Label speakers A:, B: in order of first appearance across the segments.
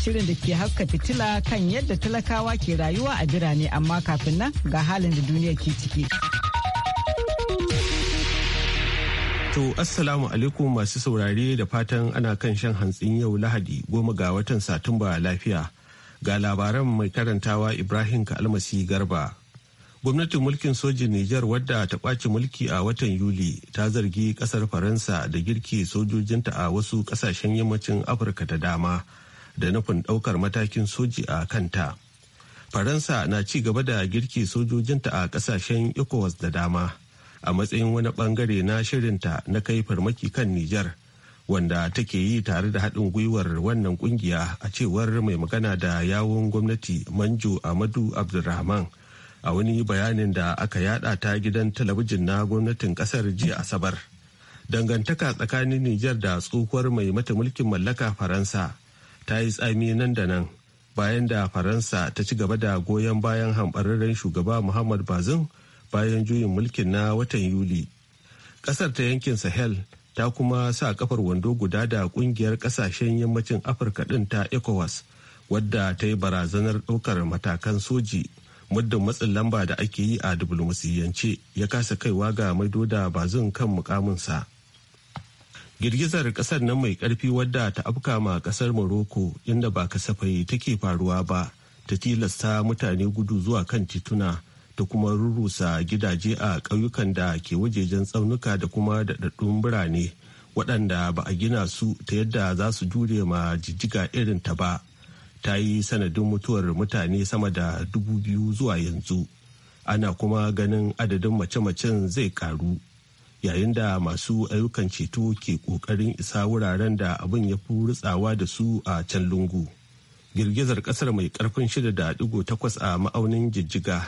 A: shirin da ke haska fitila kan yadda talakawa ke rayuwa a birane amma kafin nan ga halin da duniya ke ciki.
B: To assalamu alaikum masu saurare da fatan ana kan shan hantsin yau lahadi goma ga watan satumba lafiya ga labaran mai karantawa Ibrahim Kalmasi Garba. gwamnatin mulkin sojin Nijar wadda ta ɓaci mulki a watan Yuli ta zargi ƙasar Faransa da girki sojojinta a wasu ƙasashen yammacin Afirka da dama da nufin ɗaukar matakin soji a kanta. Faransa na ci gaba da girki sojojinta a ƙasashen ECOWAS da dama a matsayin wani ɓangare na shirinta na kai farmaki kan Nijar wanda take yi tare da haɗin gwiwar wannan ƙungiya a cewar mai magana da yawun gwamnati Manjo Amadu Abdulrahman a wani bayanin da aka yada ta gidan talabijin na gwamnatin ƙasar jiya Asabar. Dangantaka tsakanin Nijar da tsohuwar mai mata mulkin mallaka Faransa ta yi tsami nan da nan bayan da faransa ta ci gaba da goyon bayan hambararren shugaba muhammad bazin bayan juyin mulkin na watan yuli kasar ta yankin sahel ta kuma sa kafar wando guda da kungiyar kasashen yammacin afirka din ta ecowas wadda ta yi barazanar ɗaukar matakan soji muddin matsin lamba da ake yi a diflomasiyyance ya kasa kaiwa ga maido da bazin kan mukaminsa. girgizar kasar nan mai karfi wadda ta afka ma kasar morocco inda ba kasafai take faruwa ba ta tilasta mutane gudu zuwa kan tituna ta kuma rurrusa gidaje a ƙauyukan da ke wajejen tsaunuka da kuma daɗaɗɗun birane waɗanda ba a gina su ta yadda za su jure ma jijjiga irin ta ba ta yi sanadin mutuwar mutane sama da dubu biyu zuwa yanzu ana kuma ganin adadin mace-macen zai karu yayin da masu ayyukan ceto ke kokarin isa wuraren da abin ya fi rutsawa da su a can lungu. Girgizar kasar mai ƙarfin 6.8 a ma'aunin jijjiga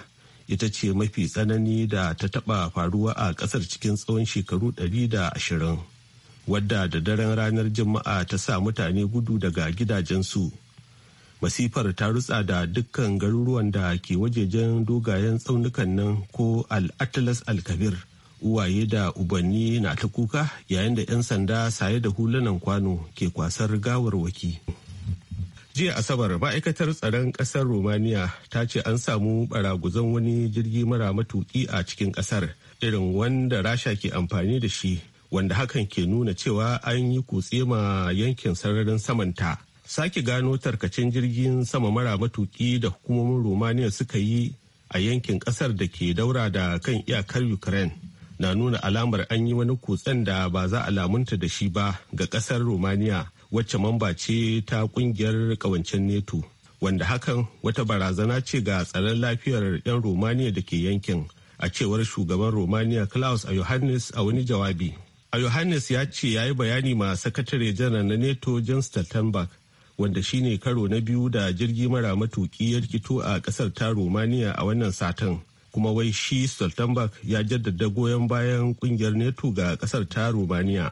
B: ita ce mafi tsanani da ta taɓa faruwa a kasar cikin tsawon shekaru da ashirin wadda da daren ranar juma'a ta sa mutane gudu daga gidajensu masifar ta rutsa da dukkan garuruwan da ke wajejen dogayen tsaunukan nan ko al-atlas al-kabir uwaye da ubanni na ta kuka yayin da 'yan sanda saye da hulunan kwano ke kwasar gawarwaki jiya asabar ma'aikatar tsaron Kasar romania ta ce an samu baraguzan wani jirgi mara matuki a cikin kasar. irin wanda rasha ke amfani da shi wanda hakan ke nuna cewa an yi kutse ma yankin sararin samanta sake gano tarkacin jirgin sama mara matuki da hukumomin romania suka yi a yankin kasar da ke daura da kan iyakar ukraine na nuna alamar an yi wani kutsen da ba za a lamunta da shi ba ga kasar romania wacce mamba ce ta kungiyar kawancen neto wanda hakan wata barazana ce ga tsaron lafiyar 'yan romania da ke yankin a cewar shugaban romania klaus a yohannes a wani jawabi a yohannes ya ce ya yi bayani ma sakatare janar na neto jan stoltenberg wanda shine karo na biyu da jirgi mara matuki ya rikito a kasar ta romania a wannan satin kuma wai shi stoltenberg ya jaddada goyon bayan kungiyar neto ga kasar ta romania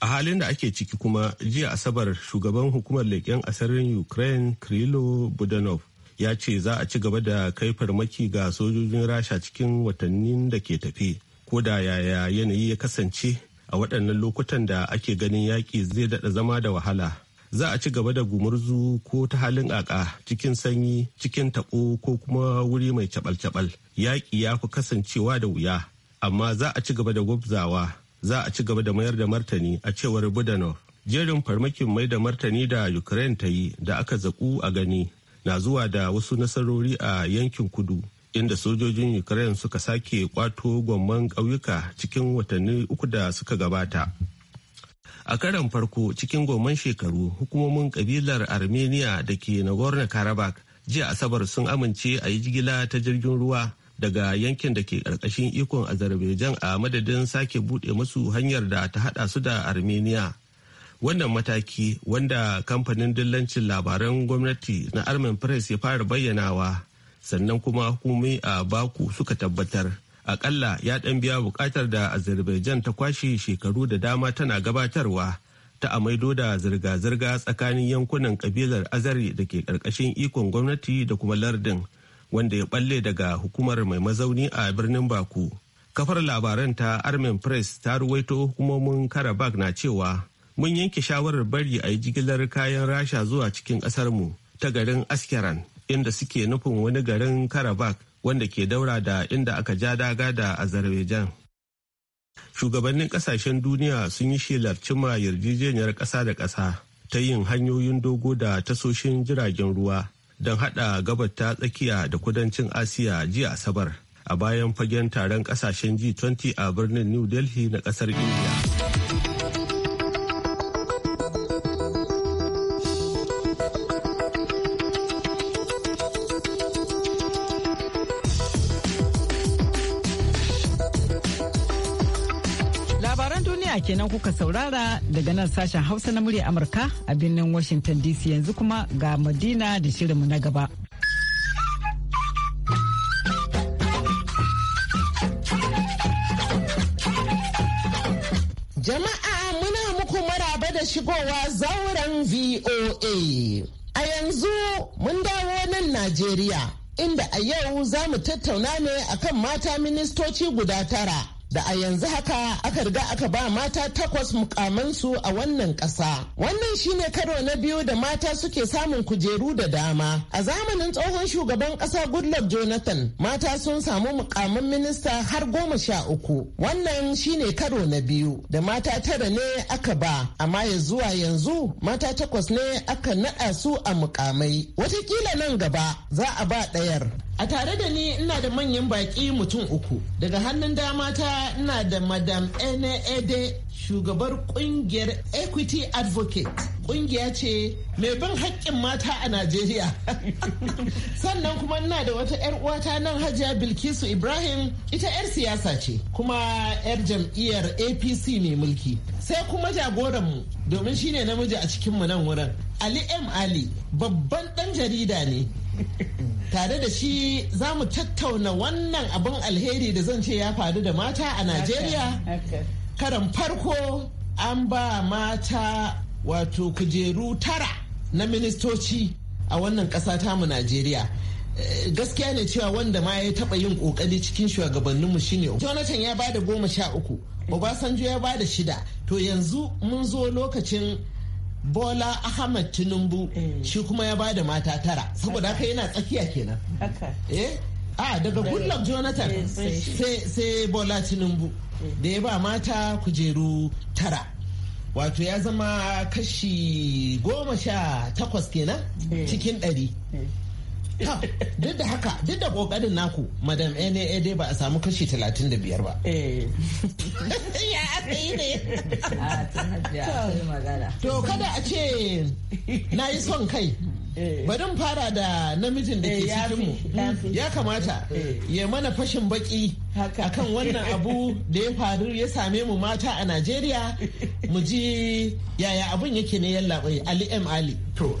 B: a halin da ake ciki kuma jiya asabar shugaban hukumar leƙen asirin ukraine krilo budanov ya ce za a ci gaba da kai farmaki ga sojojin rasha cikin watannin da ke tafi ko da yaya yanayi ya kasance a waɗannan lokutan da ake ganin yaƙi zai daɗa zama da wahala za a ci gaba da gumurzu ko ta halin aka cikin sanyi cikin taɓo ko kuma wuri mai cabal-cabal yaƙi ya fi kasancewa da wuya amma za a ci gaba da gwabzawa za a ci gaba da mayar da martani a cewar budanov jerin farmakin mai da martani da ukraine ta yi da aka zaƙu a gani na zuwa da wasu nasarori a yankin kudu inda sojojin ukraine suka sake kwato gwamman ƙauyuka cikin watanni uku da suka gabata a karan farko cikin goman shekaru hukumomin kabilar armenia da ke nagorno-karabakh jiya asabar sun amince a yi jigila ta jirgin ruwa daga yankin da ke karkashin ikon azerbaijan a madadin sake buɗe musu hanyar da ta hada su da armenia wannan mataki wanda kamfanin dillancin labaran gwamnati na armen press ya fara bayyanawa sannan kuma hukumomi a baku suka tabbatar akalla ya ɗan biya buƙatar da azerbaijan ta kwashe shekaru da dama tana gabatarwa ta amaido da zirga-zirga tsakanin yankunan ƙabilar azari da ke ƙarƙashin ikon gwamnati da kuma lardin wanda ya ɓalle daga hukumar mai mazauni a birnin baku kafar labaran ta armen press ta ruwaito hukumomin karabag na cewa mun yanke shawarar bari a yi jigilar kayan rasha zuwa cikin ƙasarmu ta garin askeran inda suke nufin wani garin karabag wanda ke daura da inda aka ja daga da azerbaijan shugabannin kasashen duniya sun yi shelar cima yarjejeniyar ƙasa da ƙasa ta yin hanyoyin dogo da tasoshin jiragen ruwa don haɗa gabar ta tsakiya da kudancin asiya jiya asabar a bayan fagen taron kasashen g20 a birnin new delhi na ƙasar india
A: kenan kuka saurara daga nan sashen Hausa na murya Amurka a birnin Washington DC yanzu kuma ga Madina da shirinmu na gaba. Jama'a muna muku
C: maraba da shigowa zauren VOA. A yanzu mun dawo nan Najeriya. Inda a yau za mu tattauna ne akan mata ministoci guda tara da a yanzu haka aka riga aka ba mata takwas mukamansu a wannan ƙasa. Wannan shine karo na biyu da mata suke samun kujeru da dama. A zamanin tsohon shugaban ƙasa Goodluck Jonathan, mata sun samu mukamin minista har goma sha uku. Wannan shine karo na biyu da mata tara ne aka ba, amma ya zuwa yanzu mata takwas ne aka naɗa su a mukamai. Watakila nan gaba za a ba ɗayar. A tare da ni ina da manyan baƙi mutum uku. Daga hannun dama ta ina da Madam Ene Ede, shugabar kungiyar Equity Advocate. kungiya ce mai bin haƙƙin mata a Najeriya. Sannan kuma ina da wata 'yar uwata nan Hajiya Bilkisu Ibrahim, ita 'yar siyasa ce, kuma 'yar jam'iyyar APC mai mulki. Sai kuma jagoranmu, domin shine namiji a cikinmu nan wurin. Ali M. Ali, babban ɗan jarida ne. tare da shi za mu tattauna wannan abin alheri da zan ce ya faru da mata a najeriya karan farko an ba mata wato kujeru tara na ministoci a wannan ƙasa tamu najeriya eh, gaskiya ne cewa wanda ma ya taɓa yin ƙoƙari cikin shugabanninmu shine jonathan ya ba da goma sha uku obasanjo ya ba da shida to yanzu mun zo lokacin bola ahmad tinubu eh. shi kuma ya bada mata tara saboda haka yana tsakiya kenan eh a ah, daga goodluck jonathan eh, sai bola tinubu eh. da ya ba mata kujeru tara wato ya zama kashi goma sha takwas kenan cikin ɗari duk da haka duk da kokarin naku madam Ene dai ba a samu kashi 35 ba eh.
D: ya aka yi ne ah,
C: to kada a ce na yi son kai Eh. Barin fara da namijin da ke eh, cikinmu ya kamata eh. ya mana fashin baki akan wannan abu da ya faru ya same mu mata a Najeriya mu ji
E: yaya abun yake ne yalla Ali M Ali. To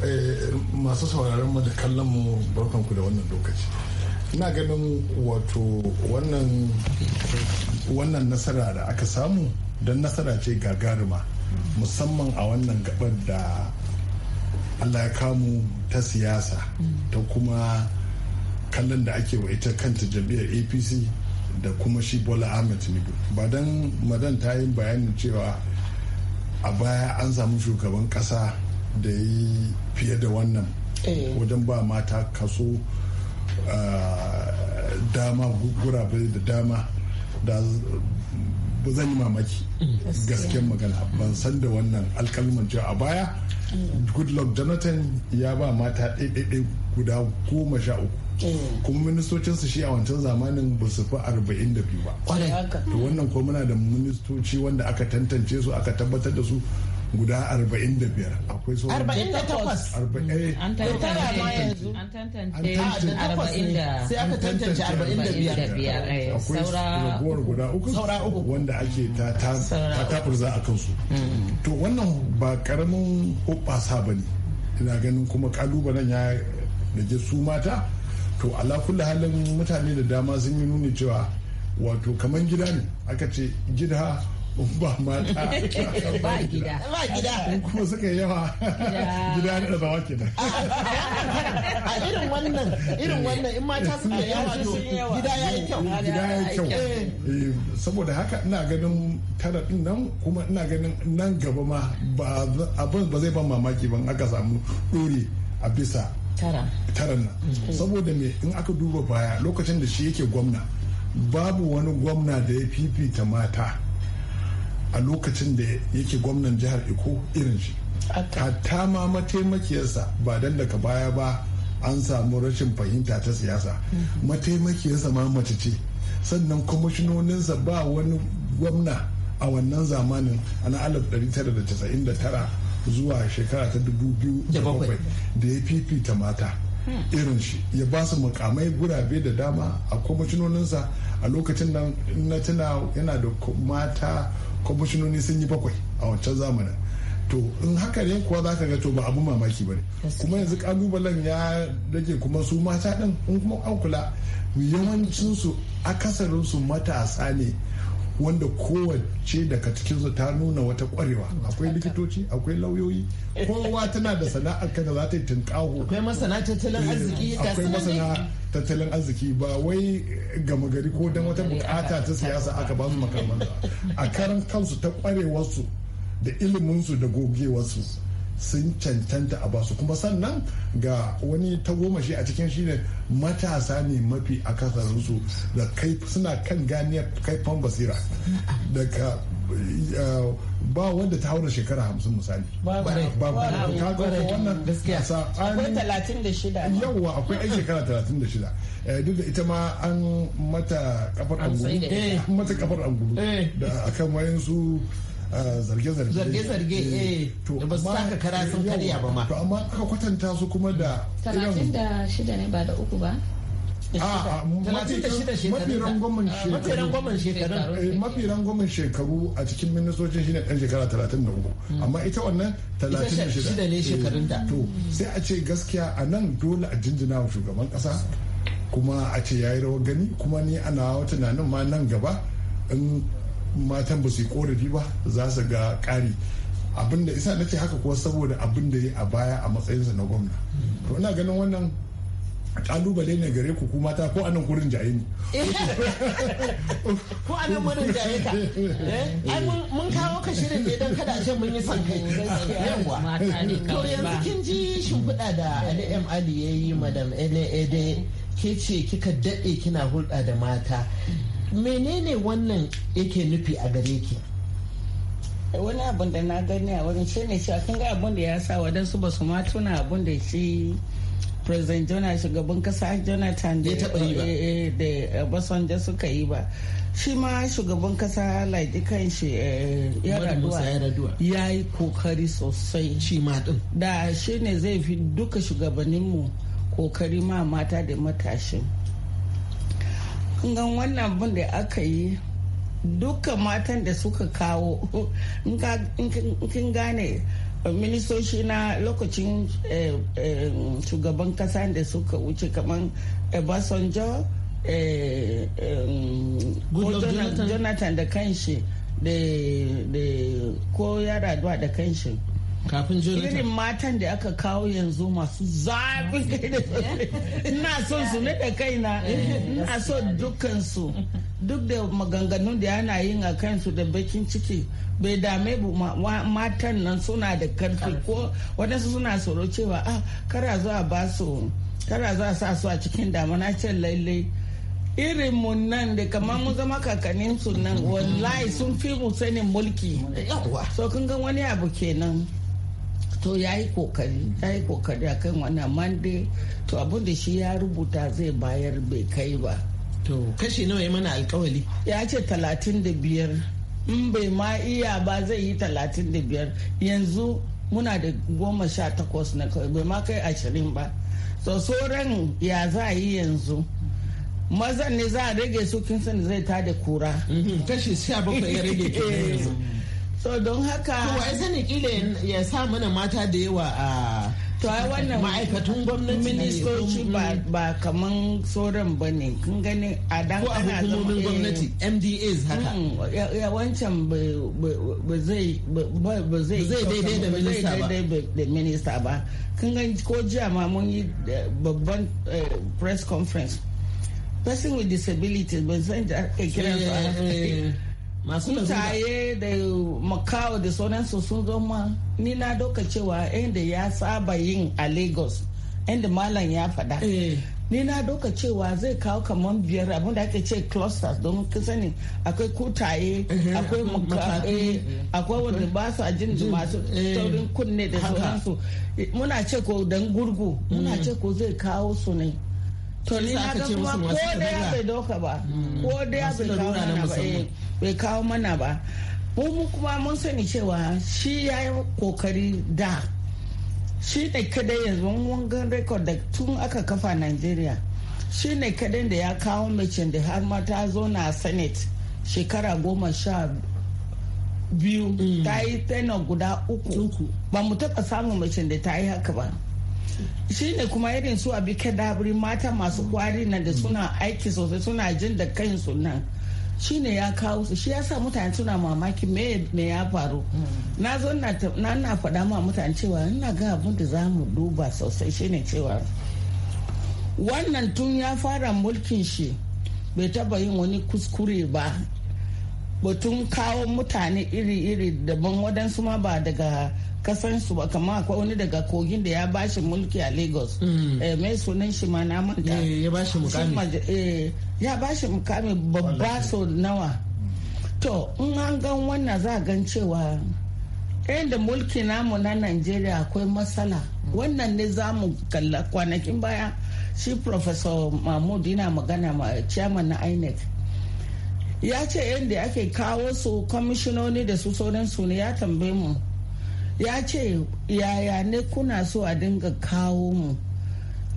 E: masu sauraron mu da kallon mu barkanku da wannan lokaci. Ina ganin wato wannan wannan nasara da aka samu don nasara ce gagaruma musamman a wannan gabar da allah ya kamu ta siyasa ta kuma kallon da ake wa ita kanta jam'iyyar apc da kuma shi bola ahmed tinubu ba don madan ta yi bayanin cewa a baya an samu shugaban kasa da ya yi fiye da wannan eh. wajen ba mata kaso ah, dama gurabe da dama ba zan yi mamaki gasken magana ban san da wannan alkalman cewa a baya goodluck jonathan ya ba mata ɗaiɗaiɗai guda goma sha uku eh. kuma ministocinsu shi a wancan zamanin ba su fi arba'in da biyu ba to wannan ko muna da ministoci wanda aka tantance su aka tabbatar da su guda 45 akwai sauran 48 eh, an
D: tantance 45
E: eh, akwai ragowar guda uku wanda ake ta tafurza a kansu mm-hmm. to wannan ba karamin hoɓɓasa ba ne ina ganin kuma kalubalen ya da su mata to ala kulli halin mutane da dama sun yi nuni cewa wato kamar gida ne aka ce gida ba mata ba gida ba gida kuma suka yi yawa gida da zawa kenan a irin wannan irin wannan in mata suka yi yawa to gida ya yi kyau gida ya kyau eh, saboda haka ina ganin tara din nan kuma ina ganin nan gaba ma ba abin ba zai ban mamaki ban aka samu dore a bisa tara nan mm. saboda me in aka duba baya lokacin da shi yake gwamna babu wani gwamna da ya fifita mata a lokacin da yake gwamnan jihar iko irin shi hatta ma mataimakiyarsa ba dan daga baya ba an samu rashin fahimta ta siyasa mhm. mataimakiyarsa ma mace ce sannan kwamishinoninsa ba wani gwamna a wannan zamanin ana 1999 zuwa shekara ta 2007 da ya fifita mata irin shi ya ba su mukamai gurabe da dama a kwamishinoninsa a lokacin nan na tuna yana da mata kwamishinoni sun yi bakwai a wancan zamanin to in haka ne kuwa za ka ga to ba abu mamaki ba ne kuma yanzu kalubalen ya rage kuma su mata din in kuma an kula yawancinsu akasarinsu matasa ne wanda kowace daga cikinsu ta nuna wata kwarewa akwai likitoci akwai lauyoyi eh. kowa tana da sana'ar kada za ta yi tunkaho akwai masana eh, tattalin arziki ba wai gama gari ko dan wata bukata ta siyasa aka ba su makamansa a karan kansu ta kwarewarsu da iliminsu da gogewarsu sun cancanta a basu kuma sannan ga wani tagomashi a cikin shine matasa ne mafi akasarinsu da kai suna kan ganiyar kaifan basira daga eh, ba wanda ta haura shekara hamsin misali babu ta gafa wannan akwai
A: talatin da shida yawwa
E: akwai ai shekara talatin da shida eh, duk da ita ma an mata kafar angulu eh, da akan wayansu zarge-zarge zarge-zarge eh, eh, da ba su saka kara sun karya ba ma to amma aka kwatanta su kuma da talatin
D: da
F: shida ne ba da uku ba
E: ah, eh, mafi rangwamen shekaru a cikin ministocin shine ɗan shekara 34 hmm. amma ita wannan 36 ne shekarunta to sai a ce gaskiya a nan dole a jinjina wa shugaban ƙasa kuma a ce ya yi rawar gani kuma ni ana tunanin ma nan gaba in matan ba su yi korafi ba za su ga ƙari abinda isa na ce haka kuwa saboda abin da ya a baya a matsayinsa na gwamna to ina ganin wannan kalubale ne gare ku kuma ta ko anan kurin jaye ne
C: ko anan kurin jaye ka eh? ai mun kawo ka shirin ne don kada ce mun yi son kai yawa to yanzu kin ji shimfiɗa da Ali M Ali yayi madam Ede Ede ke ce kika daɗe kina hulɗa da mata menene wannan yake nufi a gare ki wani abun da na gani a wurin
F: shi ne cewa kan ga abun da ya sa wadansu ba su ma tuna abun da shi president jona shugaban kasa jonathan da eh, eh, da suka yi ba shi ma shugaban kasa laiki kan shi eh, ya raduwa ya yi kokari sosai shi ma din da shi ne zai fi duka shugabanninmu kokari ma mata da matashin gan wannan abin da aka yi dukkan matan da suka kawo in gane ministoci na lokacin eh, eh, shugaban kasa da suka wuce kamar obasanjo eh, jonathan da kanshi da ko yara da kanshi
C: kafin jonathan irin
F: matan da aka kawo yanzu masu zaɓin kai da ina son su ne da kaina ina so dukkan su duk da maganganun da yana yin a kansu da bakin ciki bai dame bu matan nan suna da karfi ko wadansu suna tsoro cewa ah kara zuwa ba su kara zuwa sa su a cikin damana can lallai irin mu nan da kamar mun zama kakanninsu nan wallahi sun fi mu sanin mulki so kun ga wani abu kenan to ya yi kokari ya yi kokari a akan wannan mande to abin da shi ya rubuta zai bayar bai kai ba
C: to kashi nawa ya mana alkawali ya
F: ce talatin da biyar in bai ma iya ba zai yi talatin da biyar yanzu muna da goma sha takwas na kawai bai ma kai ashirin ba so sauran ya za a yi yanzu mazan ne za a rage su kin sani zai da kura
C: mhm, kashi sha
D: bakwai ya rage kenan yanzu
C: so don haka
F: to wai sani
C: ya sa mana mata da yawa a to ai wannan ma'aikatan gwamnati ministoci
F: ba kaman sauran ba ne kun gani a dan ana hukumomin eh, gwamnati
C: mdas haka mm,
F: wancan ba zai ba zai daidai da minista ba da minista ba kun gani ko jiya ma mun yi eh, babban eh, press conference person with disability ba zai da ake kiran mutaye da makawa da sauransu sun zo ma ni na doka cewa inda ya saba yin a lagos inda malam ya faɗa eh. ni na doka cewa zai kawo kamar biyar abinda ake ce clusters don sani akwai kutaye eh, akwai makaɗe eh, akwai wanda ba su ajin masu taurin kunne da sauransu muna ce ko dan gurgu muna mm. ce ko zai kawo su ne to ni na ga kuma ko da ya bai doka ba mm. ko da ya eh, bai kawo mana ba bai kawo mu kuma mun sani cewa shi ya yi kokari da shi ne kadai yanzu wangan rekod da tun aka kafa nigeria shi ne kadai da ya kawo mecin da har ma ta zo na senate shekara goma sha biyu mm. ta yi tsanar guda uku ba mu taɓa samun mecin da ta yi haka ba shi ne kuma irin su abi kadabri mata masu kwari nan da suna aiki sosai suna jin da kansu nan shi ne ya kawo su shi ya sa mutane suna mamaki me ya faru na zo na na faɗa ma mutane cewa ina ga abin da za mu duba sosai shi ne cewa wannan tun ya fara mulkin shi bai taba yin wani kuskure ba batun kawo mutane iri-iri daban waɗansu ma ba daga kasansu ba kama akwai wani daga kogin da ya bashi mulki a lagos mai mm. eh, sunan shi ma na manta eh, ya bashi mukami eh, ya bashi mukami babba so nawa to in an gan wannan za a gan cewa yayin da mulki namu na nigeria akwai matsala wannan ne za mu kalla kwanakin baya shi professor mahmud yana magana ma chairman na inec ya ce yadda ake kawo su kwamishinoni da su sauransu ne ya tambaye mu ya ce yaya ne kuna so a dinga kawo mu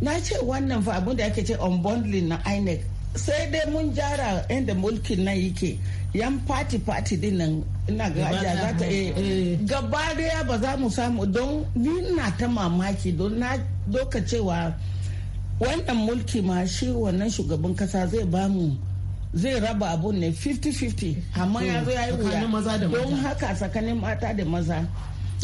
F: na ce wannan fa abinda da ake ce unbundling na inec sai dai mun jara inda mulkin nan yake yan fati fati din nan ina ga za ta eh, eh, eh. gaba daya ba za mu samu don ni na ta mamaki don na doka cewa wannan mulki ma shi wannan shugaban kasa zai mu zai raba abun ne 50-50 amma ya zo ya yi wuya don haka tsakanin mata da maza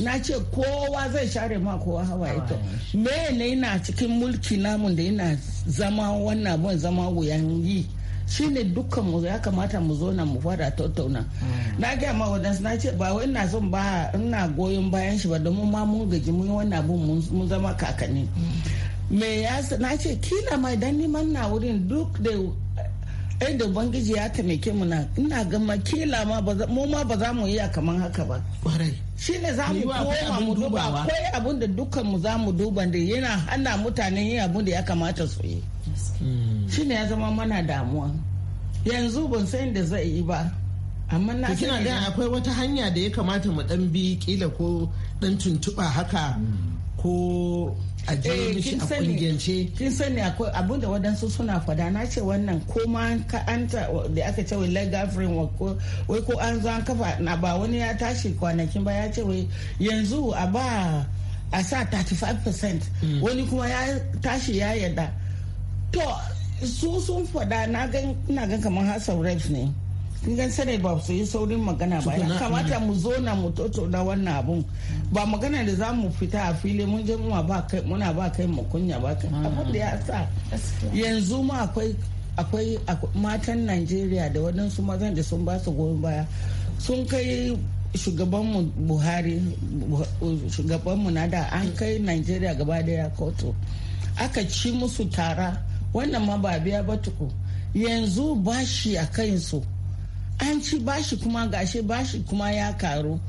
F: na ce kowa zai share ma kowa hawa ito me ne ina cikin mulki namu da ina zama wannan abun zama wuyan yi shine dukkan mu ya kamata mu zo na mu fara tattauna hmm. na ga ma wadansu na ce ba wai ina son ba ina goyon bayan shi ba domin ma mun gaji mun wannan abun mun zama kakanni hmm. me ya na ce kila ma idan neman na wurin duk da ai da ubangiji ya taimake mu na ina ga makila ma mu ma ba za mu iya kaman haka ba kwarai ne za mu koma mu duba akwai abin da dukkan mu za mu duba da yana hana mutane yin abin da ya kamata su yi hmm. shine ya zama mana damuwa yanzu ban san da zai yi
C: ba amma na kina ga akwai wata hanya da ya kamata mu dan bi kila ko dan tuntuba haka hmm. ko a eh, kin sani
F: akwai abin da wadansu suna fada na ce wannan ko ma an da aka ce wai framework wai ko an zo an kafa na ba wani ya tashi kwanakin ba ya ce wai yanzu a ba a sa 35% hmm. wani kuma ya tashi ya yada to su sun fada na gan kamar house of reps ne kin gan ba su yi saurin magana ba ya kamata mu zo na mu tattauna wannan abun ba magana da za mu fita a fili mun je muna ba kai muna ba kai mu kunya ba kai ah. abin da ya sa yanzu ma akwai akwai matan Najeriya da waɗansu mazan da sun ba su goyon baya sun kai shugaban mu buhari mu na da an kai najeriya gaba daya kotu aka ci musu tara wannan ma ba biya ba tuku yanzu bashi a kansu an ci bashi kuma gashi bashi kuma ya karu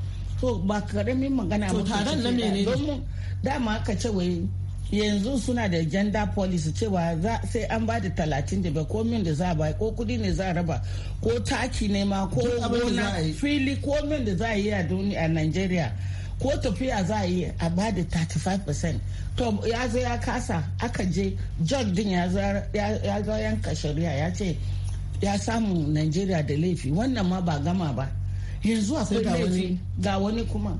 F: to ba karamin magana ba taron da dama aka ce wai yanzu suna da gender policy cewa sai an ba da talatin da bai komin da za a ba ko kudi ne za a raba ko taki ne ma ko gona fili komin da za a yi a duniya a nigeria ko tafiya za a yi a ba da 35% to ya zo ya kasa aka je judge din ya zo yanka shari'a ya ce ya samu najeriya da laifi wannan ma ba gama ba yanzu akwai laifi ga wani kuma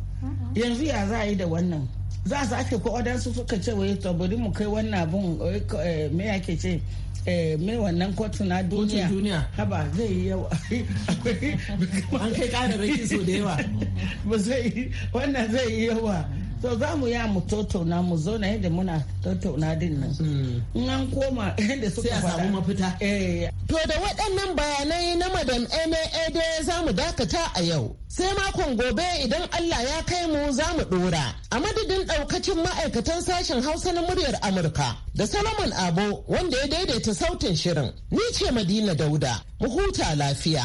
F: yanzu ya za a yi da wannan za a sake ko su suka ce wai to bari mu kai wannan abun eh, me yake ce eh, mai wannan kotu na duniya haba zai yi yawa an kai rikin so da yawa ba zai wannan zai yi yawa to za mu ya mu tattauna mu na yadda muna tattauna din nan hmm. in koma yadda suka samu mafita eh.
C: to da waɗannan bayanai na madam eme ede za mu dakata a yau sai makon gobe idan allah ya kai mu za mu ɗora a madadin ɗaukacin ma'aikatan sashen hausa na muryar amurka da solomon abo wanda ya daidaita sautin shirin ni ce madina dauda mu huta lafiya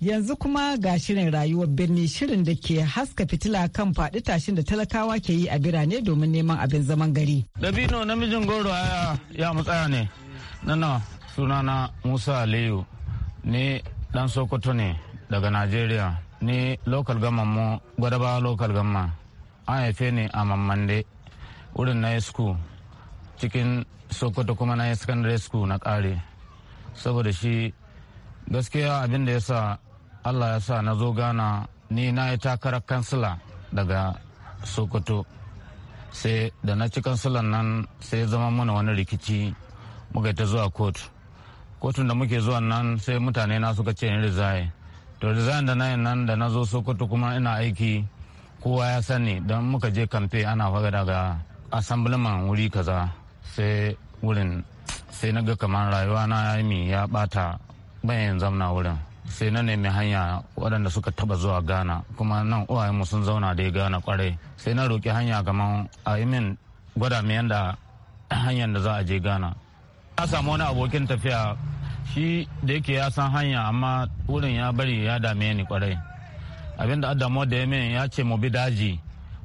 A: Yanzu kuma ga shirin rayuwar birni shirin da ke haska fitila kan faɗi tashin da talakawa ke yi a birane domin neman abin zaman gari.
G: Dabino namijin goro ya matsaya ne. Nana sunana Musa Aliyu ne dan Sokoto ne daga Najeriya ne lokal gama mu gwadaba lokal gama an haife ni a Mammande wurin na school cikin Sokoto kuma na secondary school na kare saboda shi gaskiya abin da ya sa allah ya sa na zo ghana ni na yi takarar kansila daga sokoto sai da na ci kansilan nan sai zama mana wani rikici muka ta zuwa kotu kotun da muke zuwa nan sai mutane na suka ce ni rizaye to rizayen da na yi nan da na zo sokoto kuma ina aiki kowa ya sani don muka je kamfe ana faga daga asambliman wuri kaza sai wurin sai na ga kamar rayuwa na ya yi ya bata bayan zamna wurin sai na nemi hanya waɗanda suka taba zuwa ghana kuma nan mu sun zauna da ya gana kwarai sai na roƙi hanya kamar a yi min gwada mai yanda hanyar da za a je ghana na samu wani abokin tafiya shi da yake ya san hanya amma wurin ya bari ya dame ni kwarai abin da adamu da ya min ya ce mu bi daji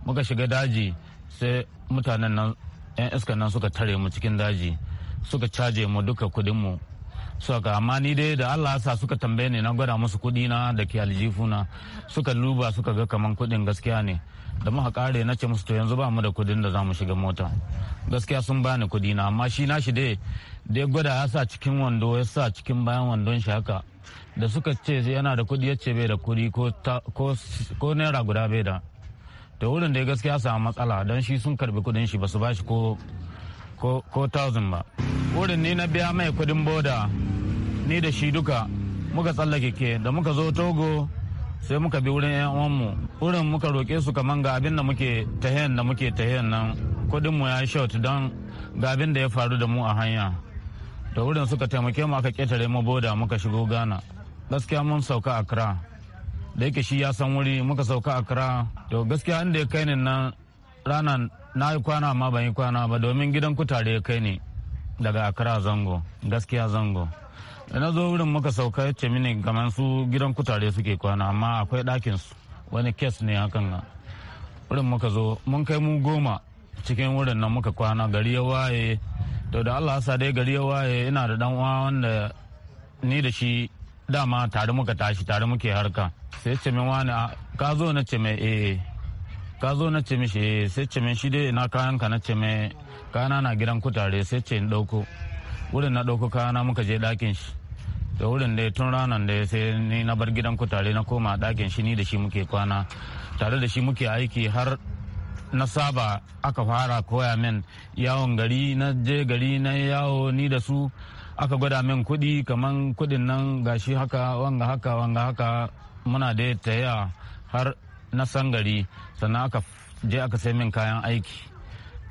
G: muka shiga daji sai mutanen nan yan iska nan suka tare mu cikin daji suka caje mu duka kudin mu ga amma ni dai da Allah sa suka tambaye ni na gwada musu kuɗi na da ke aljifuna suka luba suka ga kaman kuɗin gaskiya ne da muka kare na ce musu to yanzu ba mu da kudin da zamu shiga mota gaskiya sun bani kuɗi na amma shi na shi dai dai gwada ya sa cikin wando ya sa cikin bayan wandon shi haka da suka ce yana da kuɗi ya ce bai da kudi ko naira guda bai da to wurin da ya gaskiya samu matsala don shi sun karbi kuɗin shi ba su ba shi ko ko thousand ba wurin ni na biya mai kudin boda ni da shi duka muka tsallake ke da muka zo togo sai muka bi wurin 'yan uwanmu wurin muka roƙe su kaman ga abin da muke tahiyan da muke tahiyan nan kudin mu ya shot don ga abin da ya faru da mu a hanya da wurin suka taimake mu aka ketare mu boda muka shigo ghana gaskiya mun sauka accra da yake shi ya san wuri muka sauka accra to gaskiya inda ya kai ni nan ranan na yi kwana amma ban yi kwana ba domin gidan kutare kai ni daga akara zango gaskiya zango da na zo wurin muka sauka ya ce mini gaman su gidan kutare suke kwana amma akwai ɗakin su wani kes ne hakan na wurin muka zo mun kai mu goma cikin wurin na muka kwana gari ya waye to da allah sa dai gari ya waye ina da dan uwa wanda ni da shi dama tare muka tashi tare muke harka sai ce min wani ka zo na ce mai eh ka zo na ce mishi eh, sai ce min shi dai na kayan ka na ce mai kana na gidan kutare sai ce in dauko wurin na dauko kayana muka je dakin shi da wurin da tun ranar da sai ni na bar gidan kutare na koma dakin shi ni da shi muke kwana tare da shi muke aiki har na saba aka fara koya min yawon gari na je gari na yawo ni da su aka gwada min kuɗi kaman kuɗin nan gashi haka wanga haka wanga haka muna da taya har na sangari sannan aka je aka sai min kayan aiki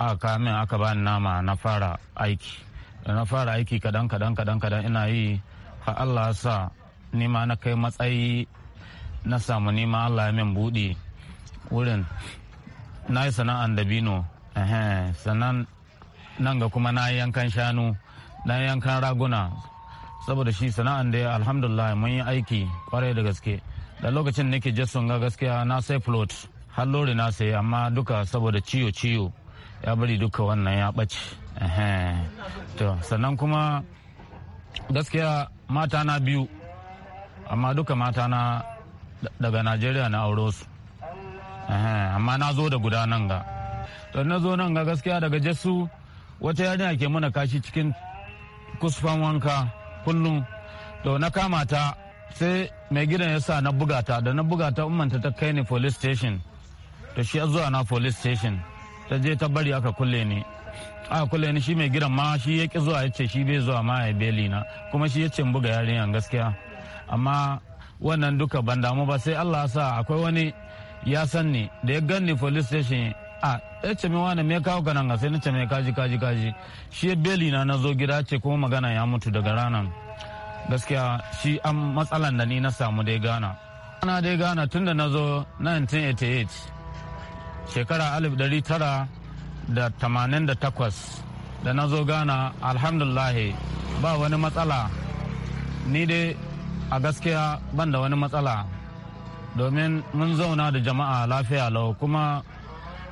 G: aka kawo min aka ba ni nama na fara aiki na fara aiki kadan kadan kadan kadan ina yi har Allah sa nima na kai matsayi na samu nima Allah ya min buɗe wurin na yi sana'an dabino sannan nan ga kuma na yankan shanu na yankan raguna saboda shi sana'an da alhamdulillah mun yi aiki kwarai da gaske da lokacin nake jason ga gaskiya na sai float har lori na sai amma duka saboda ciwo ciwo ya bari duka wannan ya ɓace to sannan kuma gaskiya mata na biyu amma duka mata na daga najeriya na auro su amma na zo da guda nan ga to na zo nan ga gaskiya daga jesu wata yarinya ke muna kashi cikin kusfan wanka kullum to na kama ta sai mai gidan ya sa na bugata da na bugata ummanta ta kai ni police station to shi zuwa na police station ta je ta bari aka kulle ni aka kulle ni shi mai gidan ma shi ya ki zuwa ya ce shi bai zuwa ma ya beli na kuma shi ya ce buga yarinyan gaskiya amma wannan duka ban damu ba sai Allah sa akwai wani ya san ni da ya ganni police station a ya ce min wani me kawo ganan ga sai na ce mai kaji kaji kaji shi ya beli na na zo gida ce kuma magana ya mutu daga ranan gaskiya shi an matsalan da ni na samu dai gana ana dai gana tun da na zo 1988 shekara 1988 da na zo gana alhamdulahi ba wani matsala ni dai a gaskiya ban da wani matsala domin mun zauna da jama'a lafiya lau kuma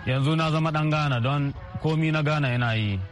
G: yanzu na zama dan gana don komi na gana yana yi.